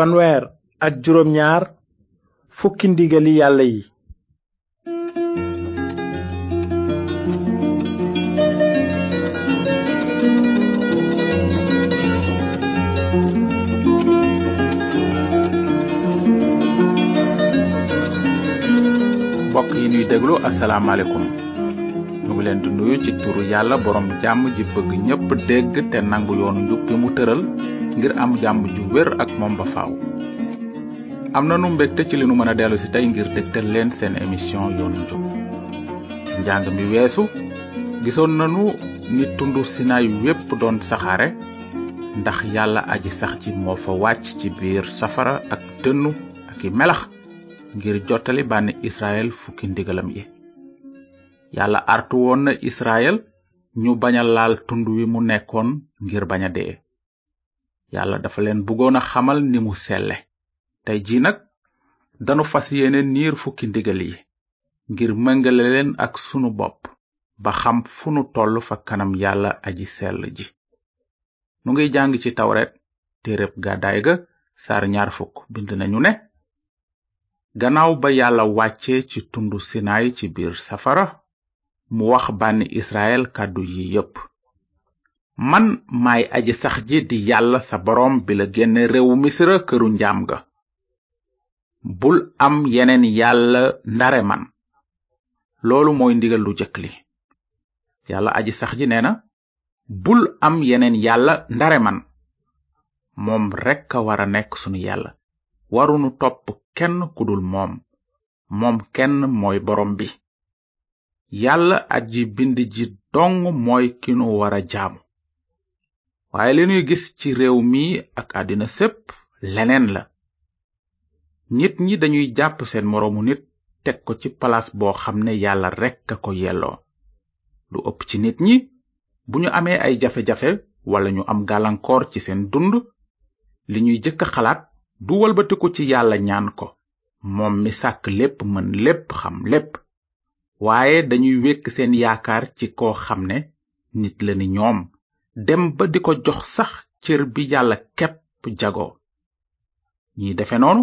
fanweer ak juróom ñaar fukki ndigali yàlla yi mbokk yi ñuy déglu asalaamaaleykum ñu ngi leen di nuyu ci turu yàlla borom jàmm ji bëgg ñépp dégg te nangu yoon njub mu tëral ngir am jàmm ju wér ak moom faaw am na nu mbégte ci li nu mën a dellu tey ngir dégtal leen seen émission yoonu njub njàng mi weesu gisoon nanu ni tundu sinaay wépp doon saxaare ndax yàlla aji sax ci moo fa wàcc ci biir safara ak dënnu ak melax ngir jottali bànni israel fukki ndigalam yi yàlla artu woon na israel ñu bañ a laal tund wi mu nekkoon ngir bañ a dee yàlla dafa leen bëggoon a xamal ni mu selle tey jii nag danu fas yéene niir fukki ndigal yi ngir mëngale leen ak sunu bopp ba xam fu nu toll fa kanam yàlla aji sell ji nu ngi jàng ci tawret téereb gàddaay ga saar ñaar fukk bind nañu ne gannaaw ba yàlla wàccee ci tund sinaay ci biir safara mu wax bànni israel kàddu yi yépp man maay aji sax ji di yàlla sa boroom bi la génne réewu misra këru njaam ga bul am yeneen yàlla ndare man loolu mooy ndigal lu jëkk li yàlla aji sax ji nee na bul am yeneen yàlla ndare man moom rekk a war a nekk sunu yàlla warunu topp kenn ku moom moom kenn mooy boroom bi yàlla ji bind ji dong mooy ki nu war a jaamu waaye li gis ci réew mii ak àddina sépp leneen la nit ñi dañuy jàpp seen moroomu nit teg ko ci palaas boo xam ne yàlla rekk a ko yelloo lu ëpp ci nit ñi bu ñu amee ay jafe-jafe wala ñu am gàllankoor ci seen dund li ñuy jëkk xalaat du walbatiku ci yàlla ñaan ko moom mi sàkk lépp mën lépp xam lépp waaye dañuy wékk seen yaakaar ci koo xam ne nit la ni ñoom dem ba di ko jox sax cër bi yàlla képp jago ñi defe noonu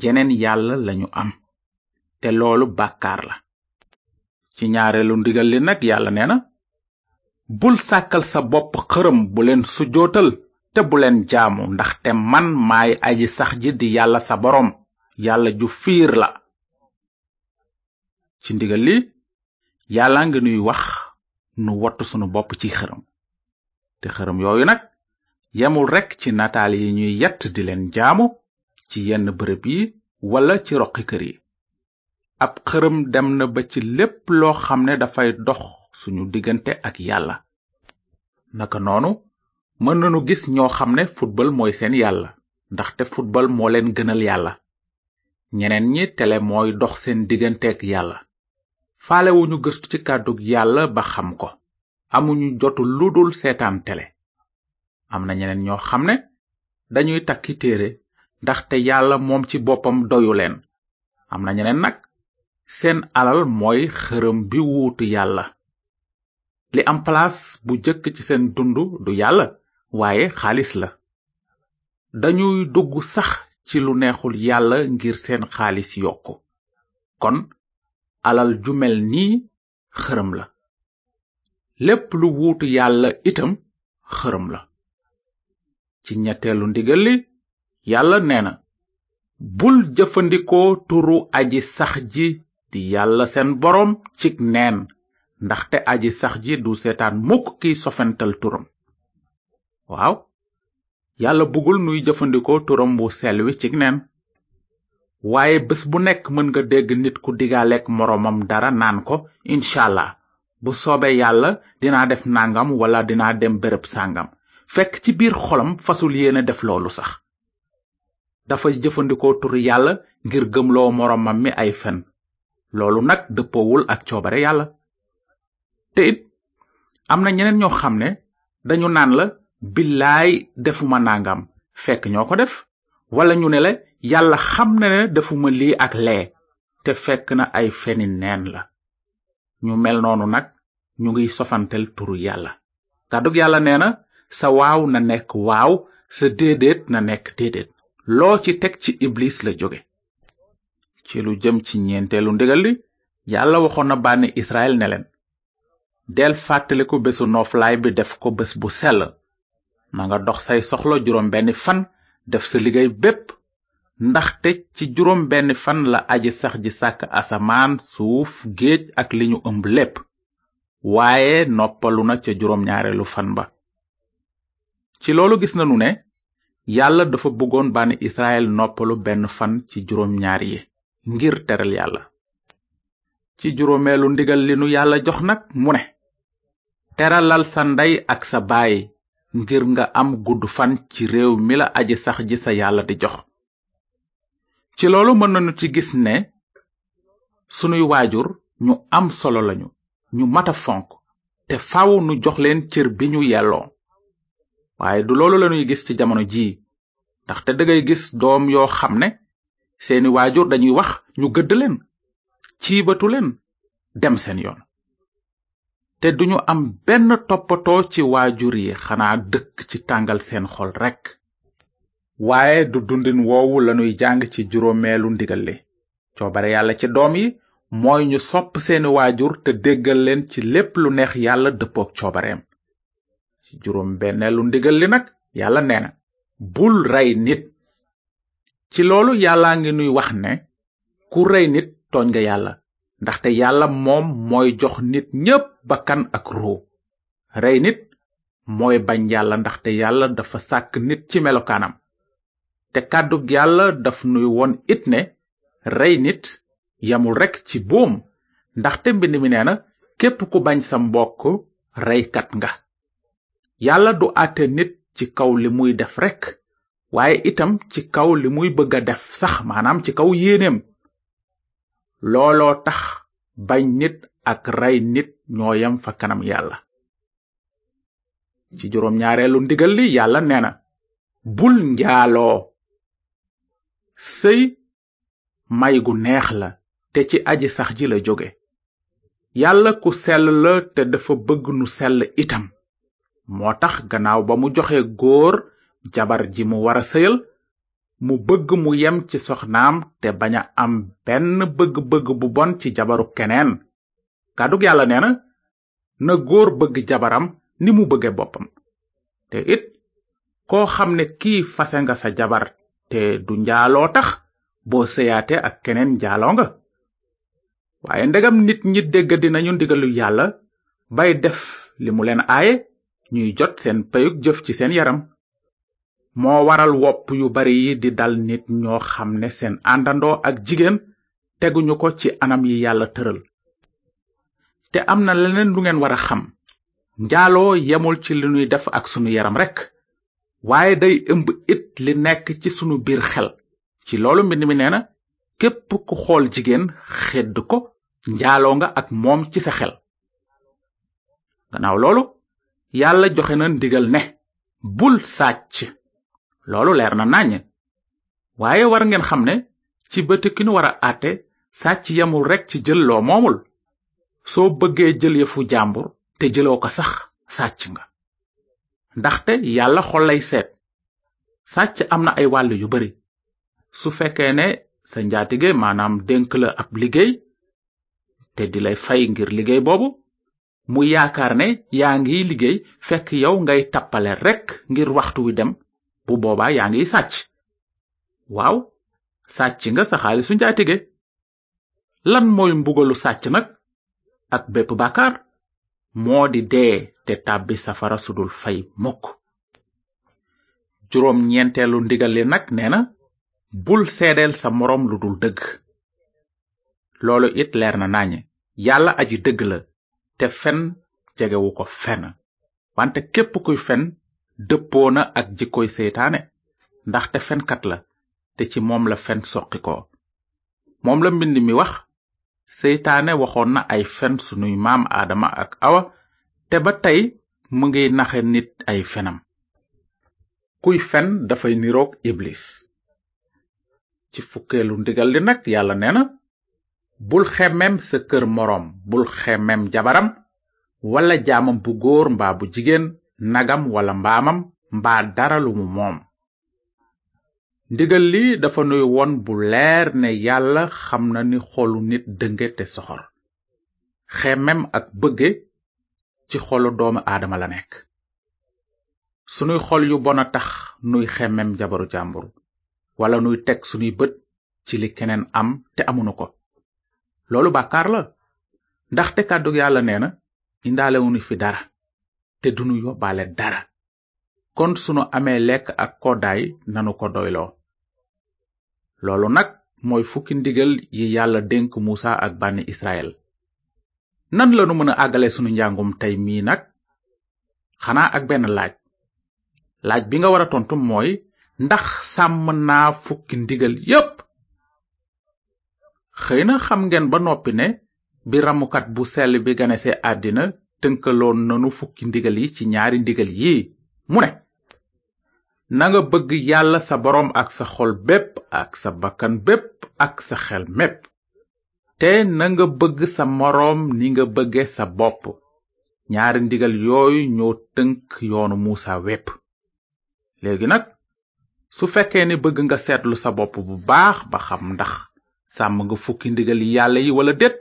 jeneen yàlla lañu am te loolu bàkkaar la ci ñaareelu ndigal li nag yàlla nee na bul sàkkal sa bopp xërëm bu leen sujootal te bu leen jaamu ndaxte man maay aji sax ji di yàlla sa boroom yàlla ju fiir la ci ndigal li yàlla ngi nuy wax nu wottu sunu bopp ci xërëm te xërëm yooyu nag yemul rekk ci nataal yi ñuy yett di leen jaamu ci yenn bërëb yi walla ci roqi kër yi ab xërëm dem na ba ci lépp loo xam ne dafay dox suñu diggante ak yàlla naka noonu mën nañu gis ñoo xam ne futbal mooy seen yàlla ndaxte futbal moo leen gënal yàlla ñeneen ñi tele mooy dox seen digganteeg yàlla faalewuñu gëstu ci kàddug yàlla ba xam ko amuñu jotu ludul seetaan tele am na ñeneen ñoo xam ne dañuy takki téere ndaxte yàlla moom ci boppam doyu leen am na ñeneen nag seen alal mooy xërëm bi wuutu yàlla li am place bu jëkk ci seen dund du yàlla waaye xaalis la dañuy dugg sax ci lu neexul yàlla ngir seen xaalis yokku kon alal ju mel nii xërëm la lépp lu wuutu yàlla itam xërëm la ci ñetteelu ndigal li yàlla nee na bul jëfandikoo turu aji sax ji di yàlla seen boroom cig neen ndaxte aji sax ji du seetaan mukk kiy sofental turam waaw yàlla bëggul nuy jëfandikoo turam wu sel wi cig neen waaye bés bu nekk mën nga dégg nit ku digaaleek moroomam dara naan ko inshaallah bu soobee yàlla dinaa def nangam walla dinaa dem bërëb sàngam fekk ci biir xolam fasul yéene def loolu sax dafa jëfandikoo turu yàlla ngir gëmloo moroomam mi ay fen loolu nag dëpowul ak coobare yàlla te it am na ñeneen ñoo xam ne dañu naan la billaay defuma nangam fekk ñoo ko def walla ñu ne la yàlla xam na defuma lii ak lee te fekk na ay feni neen la ñu mel noonu nag ñu ngi sofantel turu yàlla kàddug yàlla nee na sa waaw na nekk waaw sa déedéet na nekk déedéet loo ci teg ci iblis la jóge ci lu jëm ci ñeenteelu ndigal li yàlla waxoon na bànni israel ne del fàttaliku bésu nooflaay bi def ko bés bu sell na nga dox say soxla juróom benni fan def sa liggéey bépp ndaxte ci juróom benn fan la aji sax ji sàkk asamaan suuf géej ak li ñu ëmb lépp waaye noppalu na ca juróom ñaareelu fan ba ci loolu gis nanu ne yàlla dafa bëggoon bànni israel noppalu benn fan ci juróom ñaar yi ngir teral yàlla ci juróomeelu ndigal li nu yàlla jox nag mu ne teralal sa ndey ak sa baay ngir nga am gudd fan ci réew mi la aji sax ji sa yàlla di jox ci loolu mën nañu ci gis ne sunuy waajur ñu am solo lañu ñu mata fonk te faw nu jox leen cër bi ñu yelloo waaye du loolu lañuy gis ci jamono jii ndaxte dangay gis doom yoo xam ne seeni waajur dañuy wax ñu gëdd leen ciibatu leen dem seen yoon te duñu am benn toppatoo ci waajur yi xanaa dëkk ci tàngal seen xol rekk waaye du dundin woowu lanuy jàng ci juróomeelu ndigal li coobare yàlla ci doom yi mooy ñu sopp seeni waajur te déggal leen ci lépp lu neex yàlla dëppook coobareem ci juróom benneelu ndigal li nag yàlla nee na bul rey nit ci loolu yàllaa ngi nuy wax ne ku rey nit tooñ nga yàlla ndaxte yàlla moom mooy jox nit ñépp bakkan ak ruu rey nit mooy bañ yàlla ndaxte yàlla dafa sàkk nit ci melokaanam te kàddug yàlla daf nuy won it ne rey nit yamul rekk ci buum ndaxte mbind mi nee na képp ku bañ sa mbokk reykat nga yàlla du àtte nit ci kaw li muy def rekk waaye itam ci kaw li muy bëgg a def sax maanaam ci kaw yéeneem looloo tax bañ nit ak rey nit ñooyam fa kanam yàlla ci juróom ñaareelu ndigal li yàlla nee na bul njaaloo sëy may gu neex la te ci aji sax ji la jóge yàlla ku sel la te dafa bëgg nu sel itam moo tax gannaaw ba mu joxe góor jabar ji mu wara sëyal mu bëgg mu yem ci soxnaam te bañ a am benn bëgg-bëgg bu bon ci jabaru keneen kàddug yàlla nee na na góor bëgg jabaram ni mu bëgge boppam te it koo xam ne kii fase nga sa jabar te du njaaloo tax boo seyaatee ak keneen njaaloo waaye ndegam nit ñi dégg dinañu ndigalu yàlla bay def li mu leen aaye ñuy jot seen payug jëf ci seen yaram moo waral wopp yu bari yi di dal nit ñoo xam ne seen àndandoo ak jigéen teguñu ko ci anam yi yàlla tëral te am na leneen lu ngeen war a xam njaaloo yemul ci li nuy def ak sunu yaram rekk waaye day ëmb it li nekk ci sunu biir xel ci loolu mbind mi nee na képp ku xool jigéen xedd ko njaaloo nga ak moom ci sa xel gannaaw loolu yàlla joxe na ndigal ne bul sàcc loolu leer na nàññ waaye war ngeen xam ne ci bëti ki nu war a àtte sàcc yamul rekk ci jël loo moomul soo bëggee jël yëfu jàmbur te jëloo ko sax sàcc nga ndaxte yàlla xol lay seet sàcc am na ay wàll yu bari su fekkee ne sa njaatige maanaam dénk la ab liggéey te di lay fay ngir liggéey boobu mu yaakaar ne yaa ngiy liggéey fekk yow ngay tappale rekk ngir waxtu wi dem bu boobaa yaa ngiy sàcc waaw sàcc nga sa njaatige lan mooy mbugalu sàcc nag ak bépp bàkkaar moo di dee te tàbbi safara sudul fay mukk juróom ñeenteelu ndigal li nag nee na bul seedeel sa moroom lu dul dëgg loolu it leer na nañe yàlla aji dëgg la te fen jegewu ko fena wante képp kuy fen dëppoo na ak jikkoy seytaane ndaxte fenkat la te ci moom la fen soqi ko moom la mbind mi wax seytaane waxoon na ay fen sunuy maam aadama ak awa te ba tey mu ngi naxe nit ay fenam kuy fen dafay niroog iblis ci fukkeelu ndigal li nag yàlla nee na bul xemem sa kër moroom bul xemeem jabaram wala jaamam bu mbaa bu jigéen nagam walla mbaamam mbaa dara lu mu moom ndigal lii dafa nuy won bu leer ne yàlla xam na ni xolu nit dënge te soxor xemem ak bëgge ci xolu doomu aadama la nekk sunuy xol yu bon a tax nuy xemem jabaru jàmbur walla nuy teg sunuy bët ci li keneen am te amunu ko loolu bàkkaar la ndaxte kàddu yàlla nee na indaalewunu fi dara te du nu yobale dara kon su nu amee lekk ak koddaay nanu ko doyloo loolu nag mooy fukki ndigal yi yàlla dénk muusa ak bànni israel nan lanu mën a àggale sunu njàngum tey mii nag xanaa ak benn laaj laaj bi nga war a tontu mooy ndax sàmm naa fukki ndigal yépp xëy na xam ngeen ba noppi ne bi ramukat bu sell bi ganese àddina tënkaloon nanu fukki ndigal yi ci ñaari ndigal yi mu ne nanga bëgg yàlla sa boroom ak sa xol bépp ak sa bakkan bépp ak sa xel mépp te nanga bëgg sa moroom ni nga bëgge sa bopp ñaari ndigal yooyu ñoo tënk yoonu muusa wépp léegi nag su fekkee ne bëgg nga seetlu sa bopp bu baax ba xam ndax sàmm nga fukki ndigal yàlla yi wala déet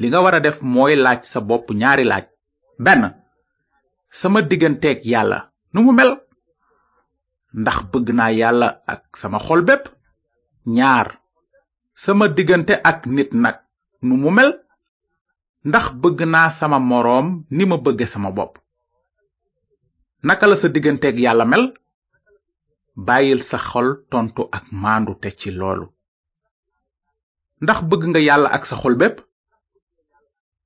li nga war a def mooy laaj sa bopp ñaari laaj benn sama digganteeg yàlla nu mu mel ndax bëgg naa yàlla ak sama xol bépp ñaar sama diggante ak nit nag nu mu mel ndax bëgg naa sama moroom ni ma bëgge sama bopp naka la sa digganteeg yàlla mel bàyyil sa xol tontu ak maandu te ci loolu ndax bëgg nga yàlla ak sa xol bépp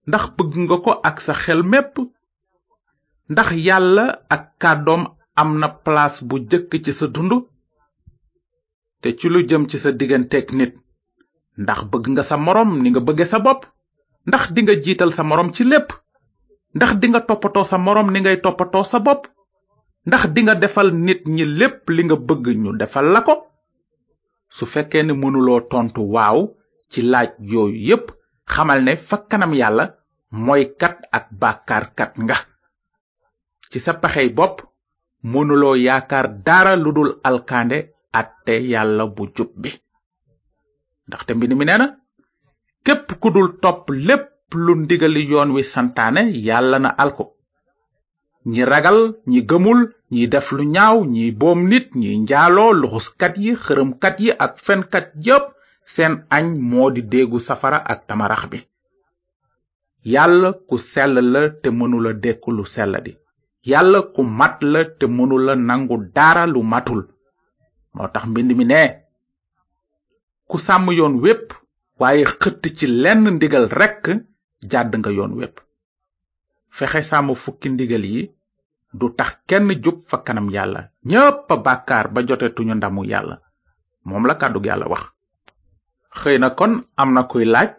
ndax bëgg nga ko ak sa xel mépp ndax yàlla ak kàddoom am na place bu jëkk ci sa dund te ci lu jëm ci sa digganteeg nit ndax bëgg nga sa moroom ni nga bëgge sa bopp ndax dinga jiital sa moroom ci lépp ndax dinga toppatoo sa moroom ni ngay toppatoo sa bopp ndax dinga defal nit ñi lépp li nga bëgg ñu defal la ko su fekkee ne mënuloo tontu waaw ci laaj yooyu yépp xamal ne fa kanam yàlla mooy kat ak bàkkaarkat nga ci sa pexey bopp mënuloo yaakaar dara lu dul alkande atte yàlla bu jub bi ndaxte mbind mi nee na képp ku dul topp lépp lu ndigali yoon wi santaane yàlla na alko ñi ragal ñi gëmul ñi def lu ñaaw ñi boom nit ñi njaaloo luxuskat yi xërëmkat yi ak fenkat yépp seen añ moo di déggu safara ak tamarax bi yàlla ku sell la te mënula dékku lu sell di yàlla ku mat la te mënula nangu dara lu matul moo tax mbind mi ne ku sàmm yoon wepp waaye xëtt ci lenn ndigal rekk jàdd nga yoon wepp fexe sàmm fukki ndigal yi du tax kenn jub fa kanam yàlla ñépp a bàkkaar ba jotetuñu ndamu yàlla moom la kàddug yàlla wax xëy na kon am na kuy laaj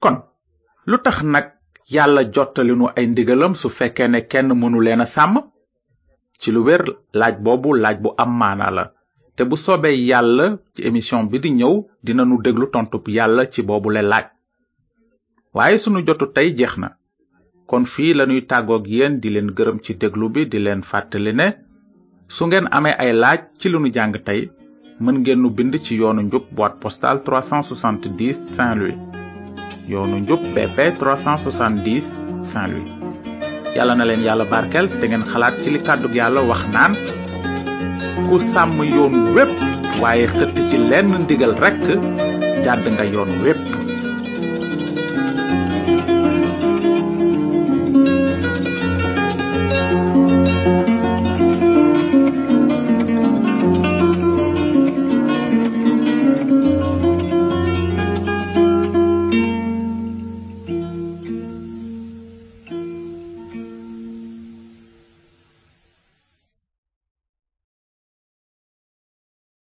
kon lu tax nag yàlla jottalinu ay ndigalam su fekkee ne kenn mënu leen a sàmm ci lu wér laaj boobu laaj bu am maana la te bu soobee yàlla ci émission bi di ñëw dina déglu tontub yàlla ci boobu boobule laaj waaye sunu jotu tey jeex na kon fii lañuy tàggoog yéen di leen gërëm ci déglu bi di leen fàttali ne su ngeen amee ay laaj ci lu nu jàng tey mën ngeen nu bind ci yoonu njub boîte postale 370 Saint-Louis yoonu njub BP 370 Saint-Louis yàlla na leen yàlla barkeel te ngeen xalaat ci li kàddu yàlla wax naan ku sàmm yoon wépp waaye xëtt ci lenn ndigal rekk jàdd nga yoon wépp